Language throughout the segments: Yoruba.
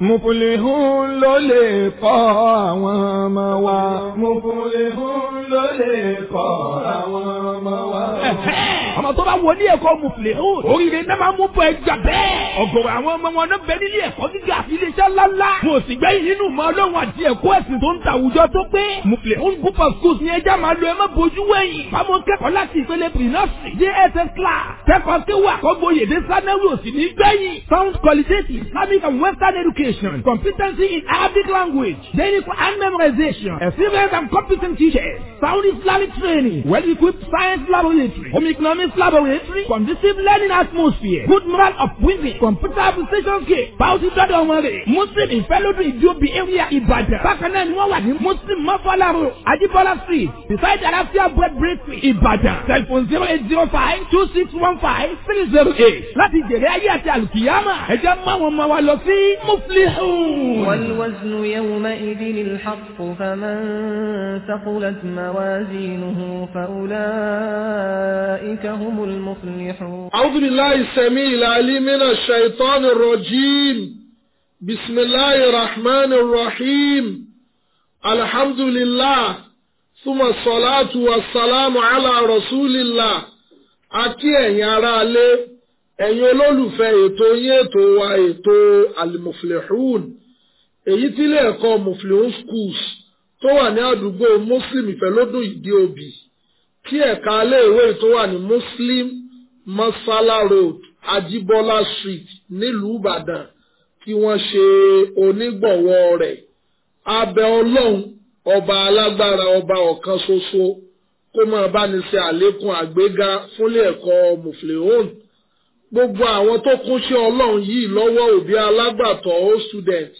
Mupulihun ló lè kọ́ àwọn ọmọ wa. Mupulihun ló lè kọ́ àwọn ọmọ wa. ọmọ tó bá wọ ní ẹ̀kọ́ mu filẹ̀ o. oríire náà máa mú bọ ẹja bẹ́ẹ̀. ọ̀gọ̀rọ̀ àwọn ọmọ wọn náà bẹ nílé ẹ̀kọ́ gíga àti iléeṣẹ́ ńláńlá. mo sì gbẹ́yìn nínú ìmọ̀ ọlọ́run àti ẹ̀kọ́ ẹ̀sìn tó ń ta àwùjọ tó pé. mo filẹ̀ o ń gún pa schools ní ẹja máa lo ẹ má bojú wẹ̀yìn. bámu kẹ́kọ̀ọ́ láti ìpele pre-nursery jss class kẹ́kọ̀ọ́ kéwà kọ́gboyèdè sanẹ́wì òsì ní gbẹ̀yìn. sound qualitative islamic and western education competency in arabic language daily and memorization experience and competent teachers sound Islamic training, well-equipped science laboratory, home economics laboratory, conducive learning atmosphere, good moral of women, computer application kit, bounty dọ́dọ̀ wọn Muslim ìfẹ́lódún ìdíòbí area Ìbàdàn. Bákan náà ni wọ́n wà ní Muslim Mọ́fọ́lá road, Ajibola street, beside Alafia bread bakery, Ìbàdàn. Telephone zero eight zero five two six one five three zero eight. Láti jèrè ayé àti àlùkìyámà, ẹ jẹ́ mú àwọn ọmọ wa lọ sí Muflihun. Wal waznu yawma idhin al-haqq faman thaqulat ma موازينه فأولئك هم المفلحون أعوذ بالله السميع العليم من الشيطان الرجيم بسم الله الرحمن الرحيم الحمد لله ثم الصلاة والسلام على رسول الله أكي يا رالي ẹ̀yin olólùfẹ́ ètò yín ètò wa ètò alimuflehun èyí tí ilé ẹ̀kọ́ muflehun schools tó wà ní àdúgbò muslim ìfẹ́lódùn ìdí òbí kí ẹ̀ka iléèwé tó wà ní muslim masala road ajibola street nílùú ìbàdàn kí wọ́n ṣe onígbọ̀wọ́ rẹ̀ abẹ ọlọ́run ọba alágbára ọba ọ̀kan ṣoṣo kó máa bá ní ṣe àlékún àgbéga fúnlé ẹ̀kọ́ mufleon gbogbo àwọn tó kún sí ọlọ́run yìí lọ́wọ́ òbí alágbàtọ́ ó student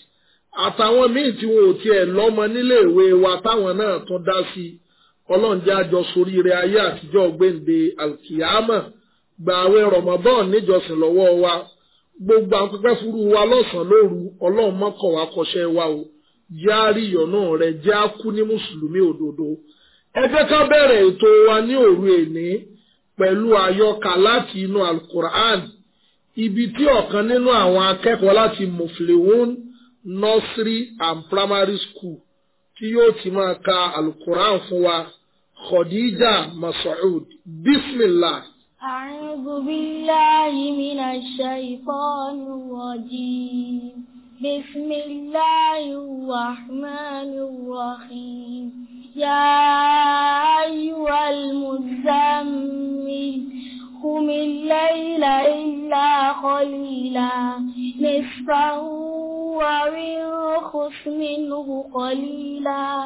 àtàwọn míì tí wọn ò tiẹ̀ lọ́mọ níléèwé wa táwọn náà tún dá sí i ọlọ́run jẹ́ àjọ soríire ayé àtijọ́ gbèǹde alkiyama gbààwẹ̀ ramadan níjọsìn lọ́wọ́ wa gbogbo àwọn pẹpẹ fúru wa lọ́sàn-án lóru ọlọ́run mọ́kàn wa kọṣẹ́ wa o jẹ́ àrí ìyọ̀nà jẹ́ àkú ní mùsùlùmí òdodo ẹ ká bẹ̀rẹ̀ ètò wa ní òru èní pẹ̀lú àyọkà láti inú alukur'an ibi tí ọ̀kan nínú àwọn akẹ́kọ̀ọ́ láti muflihun nursery and primary school tí yóò ti máa ka alukur'an fún wa khadija masoud bismillah. أعوذ بالله من الشيطان الرجيم بسم الله الرحمن الرحيم يا أيها المزمل قم الليل إلا قليلا نصفه قطع خف منه قليلا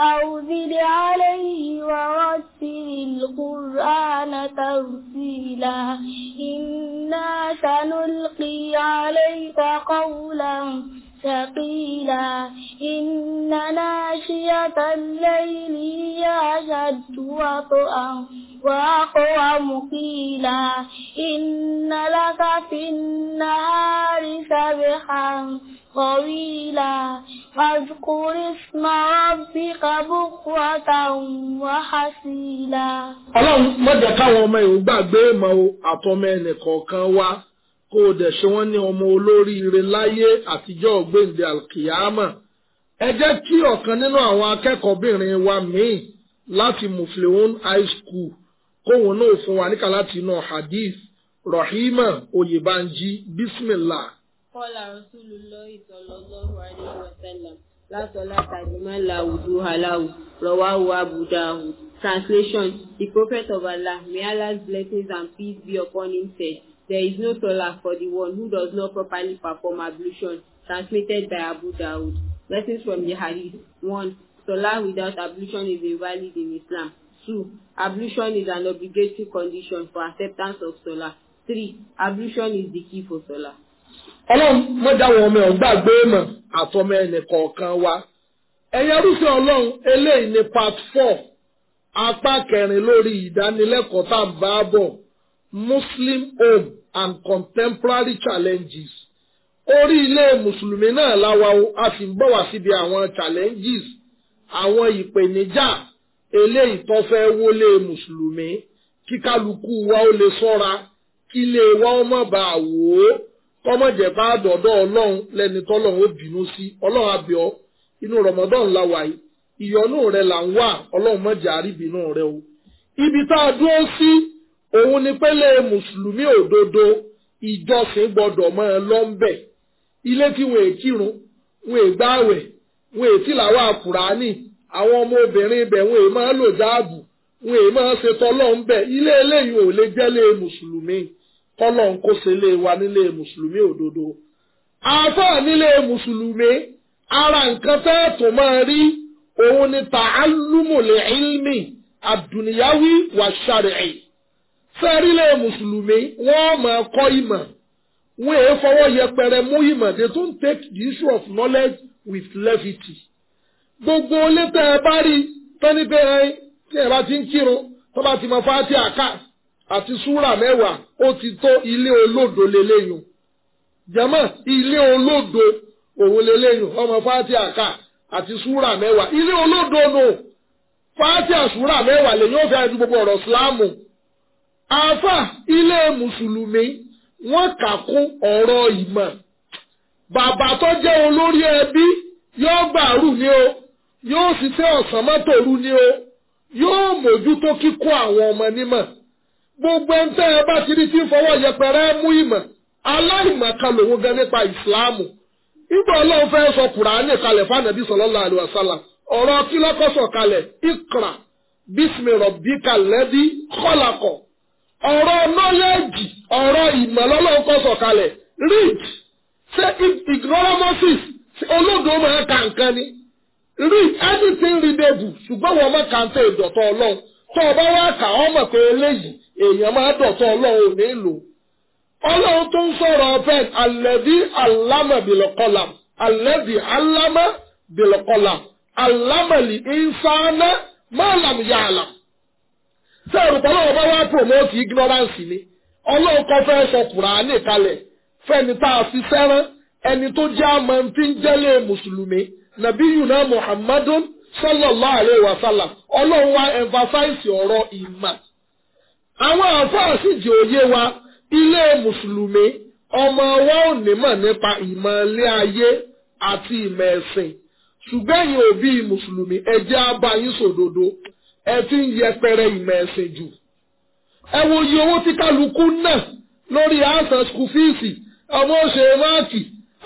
أو زد عليه ورتل القرآن ترتيلا إنا سنلقي عليك قولا ثقيلا إن ناشية الليل هي أشد وطئا الأسواق ومقيلا إن لك في النهار سبحا طويلا واذكر اسم ربك بكرة وحسيلا ọlọ́run mọ̀jẹ̀ káwọn ọmọ ìwò gbàgbé ìmọ̀ àtọmọ ẹnìkọ̀ọ̀kan wa kó o dẹ̀ ṣe wọ́n ní ọmọ olóríire láyé àtijọ́ ọ̀gbẹ́ǹde alkiyama ẹ jẹ́ kí ọ̀kan nínú àwọn akẹ́kọ̀ọ́bìnrin wa míì láti mufleon high school kóhun náà fún wa níkà láti inú hadith rahima oyèbánjí bismillah. kọ́lá rasulullah sallallahu alaihi wa sallam látọ̀lá tàdímọ́lá òdu aláwù rọ̀wáwù abudahu translation the prophet of allah may allah's blessings and peace be upon him said there is no solar for the one who does not properly perform ablution transmitted by abu dawud lessons from the hadith one solar without ablution is invalid in islam two ablution is an obligatory condition for acceptance of sola three ablution is the key for sola. ọlọ́run mo dá wọn ọmọ ẹ̀ gbàgbé mọ̀ àtọmọ ẹnì kọ̀ọ̀kan wa ẹ̀yin arúgbó ọlọ́run eléyìí ni part four apá kẹrin lórí ìdánilẹ́kọ̀ọ́ tá à ń bá bọ̀ muslim home and contemporary challenges orí ilé mùsùlùmí náà láwa a sì ń bọ̀ wá síbi àwọn challenges àwọn ìpèníjà eléyìí tó fẹ́ wọlé mùsùlùmí kí kálukú wa ó lè sọ́ra kí ilé wa ó má bàa wò ó kọ́mọ̀jẹ̀ bá dọ̀dọ̀ ọlọ́run lẹ́ni tọ́lọ́run ó bínú sí ọlọ́run àbẹ̀ ọ́ inú rọmọdọ́n la wà yìí ìyọnú rẹ̀ là ń wà ọlọ́run mọ̀jẹ̀ àríbínú rẹ̀ o ibi tá a dúró sí òun ni pélé mùsùlùmí òdodo ìjọsìn gbọdọ̀ mọ́ ẹ lọ́ńbẹ̀ ilé tí wọn è kírun wọn è gbáwẹ̀ wọn è tìlàwọ̀ àkùránì àwọn ọmọ obìnrin ibẹ̀ wọn èyí máa lò jáàbù wọn èyí máa ṣe tọ́lọ́hún bẹ̀ ilé eléyìí ò lè jẹ́ lé mùsùlùmí tọ́lọ́hún kó ṣe lé wa nílé mùsùlùmí òdodo. àáfàá nílé mùsùlùmí ara nǹkan tẹ́ẹ̀tù máa rí òun ni tàálùmùlẹ̀ ilmi àdùnìyáwí wà ṣàrẹ̀ẹ́ sẹ́rílẹ̀ mùsùlùmí wọ́n máa kọ́ ìmọ̀ wọ́n èé fọwọ́ yẹpẹrẹ mú ìmọ̀ they don't take the issue of knowledge with levity gbogbo ilé tẹ́ ẹ bá rí tọ́ni pé ẹ tí ẹ bá ti ń kírun tó bá ti mọ fáti àká àti súrà mẹ́wàá ó ti tó ilé olódo lélẹ́yìn jẹ́mọ́ ilé olódo òun lélẹ́yìn ọmọ fáti àká àti súrà mẹ́wàá ilé olódo nù fáti àsúrà mẹ́wàá lè yóò fẹ́ àti gbogbo ọ̀rọ̀ síláàmù àáfà ilé mùsùlùmí wọ́n kà kún ọ̀rọ̀ ìmọ̀ bàbá tó jẹ́ olórí ẹbí yóò gbàrú ni o yóò ṣiṣẹ́ ọ̀sán mọ́tòru ni o yóò mójútó kíkó àwọn ọmọ nímọ̀ gbogbo ẹni tẹ́ ẹ bá ti rí tí ń fọwọ́ yẹpẹrẹ mú ìmọ̀ aláìmọ̀kan lòun gan nípa ìsìláàmù ìgbà ọlọ́run fẹ́ sọ kùránì kalẹ̀ fànàbí sallallahu alaihi wasallam ọ̀rọ̀ kí lọ́kọ́ sọ kalẹ̀ ikra bísmi rabbika lẹ́bí kọ́làkọ̀ ọ̀rọ̀ nọ́lẹ́jì ọ̀rọ̀ ìmọ̀ lọ́lọ́run kọ́ sọ kalẹ̀ read say ignoramuses olódò máa kà nǹkan ni read anything readable ṣùgbọ́n wọn máa kàn tẹ ìdọ̀tọ̀ ọlọ́run tó ọba wá kà ọ́ mọ̀ pé eléyìí èèyàn máa dọ̀tọ̀ ọlọ́run ò ní lò ọlọ́run tó ń sọ̀rọ̀ ọ̀fẹ́ alẹ́bí alámọ̀ bìlọ̀kọ́là alẹ́bí alámọ̀ bìlọ̀kọ́là alámọ̀lì ìnsáná mọ́làm yàlà. Ṣé olùkọ́ náà bá wá promote ignorance ni? Ọlọ́run kan fẹ́ sọ Kùránì kalẹ̀ fẹ́ni tá a fi sẹ́rán ẹni tó jẹ́ àmọ́ tí ń jẹ́lé Mùsùlùmí nabiyuna muhammadun sallallahu alayhi wa sallam ọlọ́run wa emphasize ọ̀rọ̀ ìmọ̀ àwọn àfáà sì jẹ́ òye wa ilé mùsùlùmí ọmọ wa ò ní mọ̀ nípa ìmọ̀ ilé ayé àti ìmọ̀ ẹ̀sìn ṣùgbọ́n ẹ̀yin òbí mùsùlùmí ẹ jẹ́ abayín sòdodo ẹ ti ń yẹpẹrẹ ìmọ̀ ẹ̀sìn jù ẹ wo iye owó tí kálukú náà lórí àṣà skul fíìsì ọmọ ṣe máàkì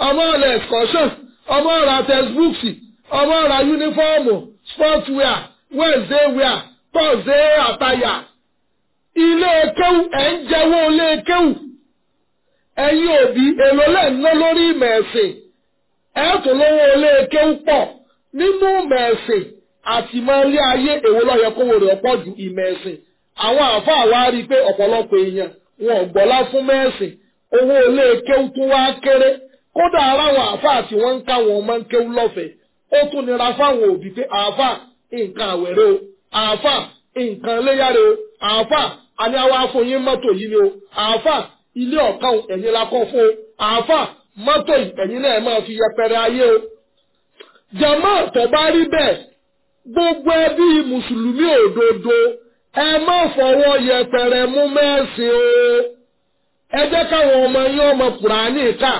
ọmọ ọlẹ excursion obawara fesbuksi obawara unifomu spors wa wezde waa tozde ataya ile ekewu ole ekewu eyi obi elole lori elolenoloro mese etulwaole keụkpọ n'ime ụmụese atimaliayi ewoloya powere okpodu imese awa fwa ripe okpolokpa iya wagbolapumese owa olekekpụwakere kódà aráwọn àáfàá tí wọ́n ń káwọn ọmọ ń kéwú lọ́fẹ̀ẹ́ ó tún nira fáwọn òbí pé àáfàá nǹkan àwẹ̀rẹ̀ o àáfàá nǹkan léyàrẹ̀ o àáfàá àní àwa afọyín mọ́tò yìí ni o àáfàá ilé ọ̀kan ẹ̀yìn la kọ́ fún o àáfàá mọ́tò ẹ̀yìn náà máa fi yẹpẹrẹ ayé o. jama tó bá rí bẹ́ẹ̀ gbogbo ẹbí mùsùlùmí òdodo ẹ má fọwọ́ yẹpẹrẹ mú mẹ́sìn o ẹ jẹ́ káwọn ọmọ yín ọmọ kùránì ká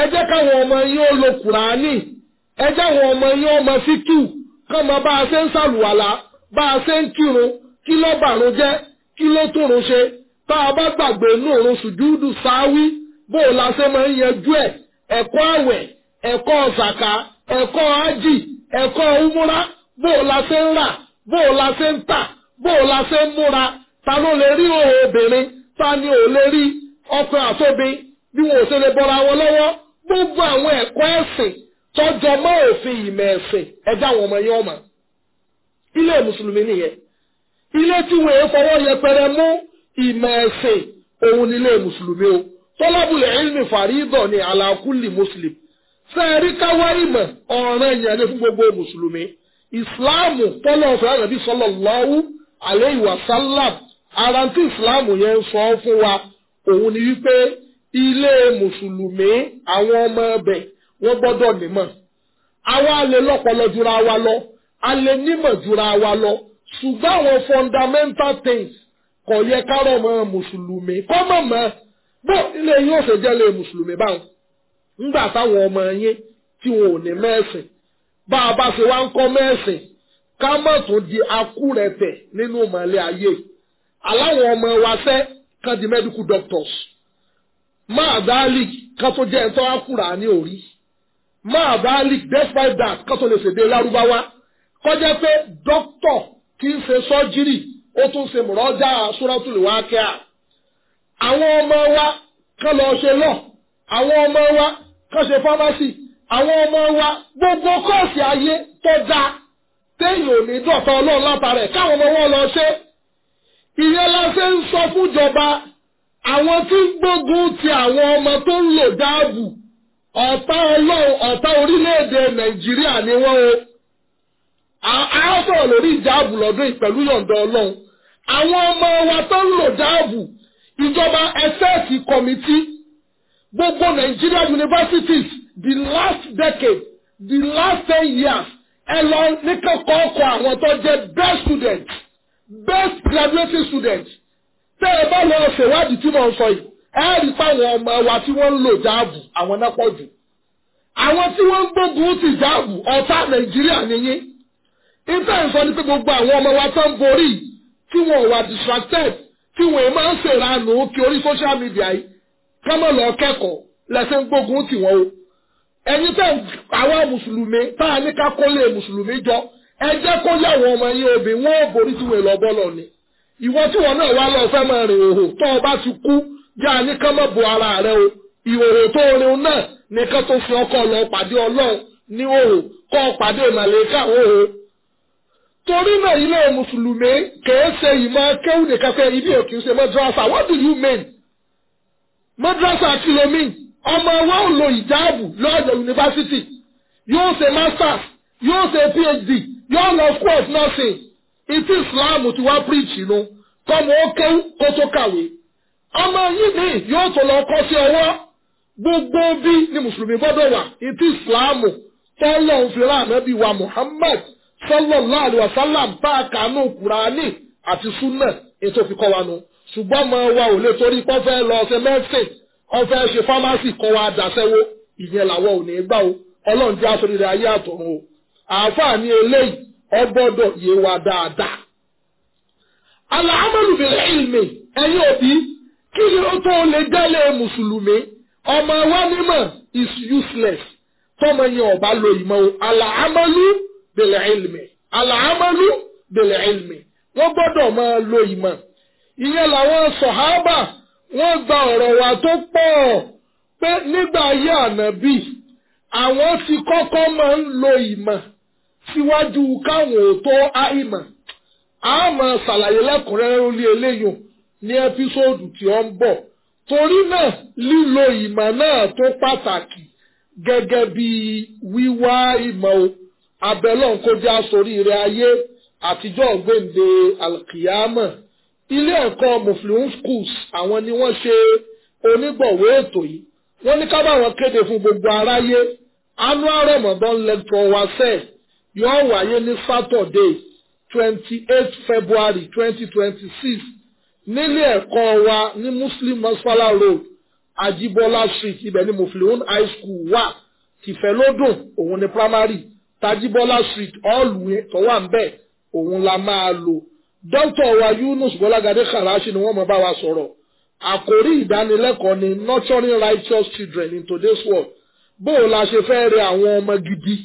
ẹ jẹ́ káwọn ọmọ yín ó lo kùránì ẹ àwọn ọmọ yín ọmọ fitu kọ́mọ bá a ṣe ń ṣàlùwàlà bá a ṣe ń kírun kí ló bàrún jẹ́ kí ló ṣe tá a bá gbàgbé nùrún sùjúdù sáwí bó o la ṣe máa ń yanjú ẹ, ẹkọ àwẹ̀ ẹkọ ọ̀sàkà ájì umúra bó o la o la ta ló lè rí òun bí wọn ò ṣe lè bọ́ra wọn lọ́wọ́ gbogbo àwọn ẹ̀kọ́ ẹ̀sìn tọ́jọ mọ́ òfin ìmọ̀ ẹ̀sìn ẹ̀dá àwọn ọmọ yẹn ọmọ ilé mùsùlùmí nìyẹn ilé tí wọn èé fọwọ́ yẹpẹrẹ mú ìmọ̀ ẹ̀sìn òun nílé mùsùlùmí o tọ́lábùlẹ̀ ilmi fàrídọ̀ ni alákùlì mùsùlùmí sẹ́ẹ̀rí káwá ìmọ̀ ọ̀ràn yẹn ní fún gbogbo mùsùlùmí ìsìláàmù tọ́lọ̀ alayhi wa sallam ara tí ìsìláàmù yẹn ń ilé mùsùlùmí àwọn ọmọ ẹbẹ̀ wọ́n gbọ́dọ̀ nímọ̀ àwa lè lọ́pọlọ jura wa lọ a lè nímọ̀ jura wa lọ ṣùgbọ́n àwọn fundamental things kò yẹ kárọ̀ mọ́ mùsùlùmí kọ́ mọ̀ mọ́ bó ilé yóò ṣe jẹ́ lè mùsùlùmí báwọn ńgbà táwọn ọmọ yín tí wọn ò ní mẹ́sìn bá a bá ṣe wá ń kọ́ mẹ́sìn ká mọ̀ tó di akúrẹ̀tẹ̀ nínú ìmọ̀lẹ́ ayé aláwọn ọmọ wa fẹ́ kan di medical doctors máa dáálì kan tó jẹ́ ẹ̀ tó ákùrà ní orí máa dáálì despite that kan tó lè ṣèdè lárúbáwá kọjá pé dókítọ̀ kì í ṣe sọ́jírì ó tún ṣe mọ̀rọ́jà sóràtúlù wá kíá àwọn ọmọ wa kan lọ ṣe lọ àwọn ọmọ wa kan ṣe fámásì àwọn ọmọ wa gbogbo kọ́ọ̀sì ayé tó dáa téèyàn ò ní dọ̀tọ̀ ọlọ́run látara káwọn ọmọ wọn lọ ṣe ìyẹn la ṣe ń sọ fúnjọba àwọn tí ń gbógun ti àwọn ọmọ tó ń lò dáàbò ọ̀tá ọlọ́run ọ̀tá orílẹ̀-èdè nàìjíríà ni wọ́n o a sọ̀rọ̀ lórí ìjáàbù lọ́dún ìpẹ̀lú yọ̀ǹda ọlọ́run àwọn ọmọ wa tó ń lò dáàbò ìjọba ẹsẹ́ẹ̀sì kọ̀mítì gbogbo Nigeria universities the last decade the last ten years ẹ lọ ní kẹ́kọ̀ọ́ ọkọ̀ àwọn tó jẹ́ best students best graduating students tẹ́ ẹ bá lọ ṣèwádìí tí mò ń sọ yìí ẹ rí páwọn ọmọ wa tí wọ́n ń lò jáàbù àwọn náà pọ̀ jù àwọn tí wọ́n ń gbógun ti jáàbù ọ̀tá nàìjíríà nìyí ìfẹ́ ìsọ ni pé gbogbo àwọn ọmọ wa tó ń borí tí wọ́n wà distracted tí wọ́n máa ń ṣèrànù kí orí social media yìí ká mọ̀ lọ kẹ́kọ̀ọ́ lẹ́sẹ̀ ń gbógun tì wọ́n o ẹ̀yin tẹ́ àwa mùsùlùmí tá a ní ká kó lè mùsùlùmí jọ ẹ jẹ́ kó yàwọ̀ ọmọ yín obì wọ́n ò borí tí wọ́n lọ bọ́ lọ ni ìwọ tí wọn náà wá lọ fẹ́ máa rìn òhò tó o bá ti kú bí a ní ká má bo ara rẹ o ìhòòhò tó orin náà ní ká tó fi ọkọ lọ pàdé ọlọ́run ní òhò kọ́ ọ pàdé màlẹ́kà òhò. torí náà ilé mùsùlùmí kèé ṣe ìmọ̀ kéwù nìkan pé ibi òkè ṣe mọ́dúrásà what do you mean? mọ́dúrásà kí ló mean? ọmọ wa ò lo ìjáàbù lọ́dọ̀ yunifásitì yóò ṣe masters yóò ṣe phd yóò lọ school of nursing ìtí islam ti wá píríìtì nu kọ́mọ ó kéwú kó tó kàwé ọmọ yìí mi yóò tó lọ kọ́ sí ọwọ́ gbogbo bí ni mùsùlùmí gbọ́dọ̀ wà ìtí islam tọ́lọ̀ ń fi ráàmẹ́ bíi wa muhammad sallallahu alayhi wa sallam bá a kàánú kùránì àti súnà ètò òfìkọ́ wa nu ṣùgbọ́n ọmọ wa ò lè torí pọ́ fẹ́ lọ ṣe mẹ́sìn ọfẹ́ ṣe fámásì kọ́ wa dàṣẹ́wó ìyẹn làwọn ò ní gbà o ọlọ́run jẹ́ àtòrí rẹ̀ ayé àtọ̀run o àáfàá ni eléyìí ọ gbọ́dọ̀ yé wa dáadáa. Àlàámọ̀lù bẹ̀rẹ̀ ìlmì ẹ̀yin òbí kí ni ó tó lè délé mùsùlùmí ọmọ wa nímọ̀ is useless tọmọ yẹn ọba lo ìmọ̀ o àlàámọ̀lù bẹ̀rẹ̀ ìlmì àlàámọ̀lù bẹ̀rẹ̀ ìlmì wọ́n gbọ́dọ̀ máa lo ìmọ̀ ìyẹn làwọn sọ̀hábà wọ́n gba ọ̀rọ̀ wa tó pọ̀ pé nígbà ayé ànábì àwọn ti kọ́kọ́ máa ń lo ìmọ̀ síwájú káwọn ò tó àìmọ̀ a máa ṣàlàyé lẹ́kùnrẹ́rẹ́ orí eléyìí ní ẹ́písòdù tí ó ń bọ̀ torí náà lílo ìmọ̀ náà tó pàtàkì gẹ́gẹ́ bí wíwá ìmọ̀ o abẹ́lọ́n rẹ̀ ayé àtijọ́ gbèǹde alkiyama ilé ẹ̀kọ́ mufliun schools àwọn ni wọ́n ṣe onígbọ̀wé ètò yìí wọ́n ní ká báwọn kéde fún gbogbo aráyé annual ramadan lecture wa sẹ́ẹ̀ yóò wáyé ní Saturday twenty eight February twenty twenty six nílé ẹ̀kọ́ wa ní Muslim Masfala Road Ajibola Street ibẹ̀ ní Mufliun High School wà tìfẹ́lódùn òun ni primary Tajibola Street ọ̀ọ́lù yẹn tó wà ń bẹ̀ òun la máa lò dókítà wa Yunus Bọ́lágadé Karachi ni wọ́n mọ̀ bá wa sọ̀rọ̀ àkórí ìdánilẹ́kọ̀ọ́ ni nurturing righteous children in today's world bó o la ṣe fẹ́ rẹ àwọn ọmọ gidi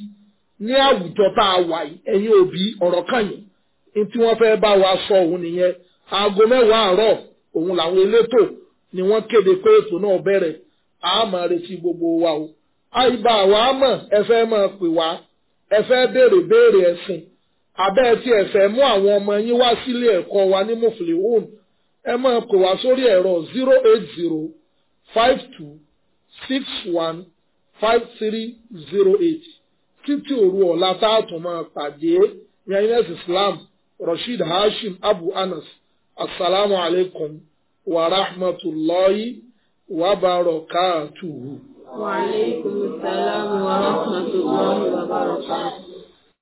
ní àwùjọ tá a wà yìí ẹ̀yin òbí ọ̀rọ̀ kan ní tí wọ́n fẹ́ bá wa sọ òun nìyẹn aago mẹ́wàá àárọ̀ òun làwọn elétò ni wọ́n kéde pé ètò náà bẹ̀rẹ̀ a retí gbogbo wa o àìbá wa mọ̀ ẹ fẹ́ máa pè wá ẹ fẹ́ béèrè béèrè ẹ̀sìn abẹ́ tí ẹ mú àwọn ọmọ yín wá sílé ẹ̀kọ́ wa ní muflihun ẹ máa pè wá sórí ẹ̀rọ zero eight zero five two six one five three zero eight títí òru ọ̀la táàtún máa pàdé rẹ́yìnẹ́sì islam rasheed hashim abu anas asalaamu alaykum wa rahmatulahi wa barakatuhu. wa aleykum salaam wa rahmatulahi wa barakatuhu.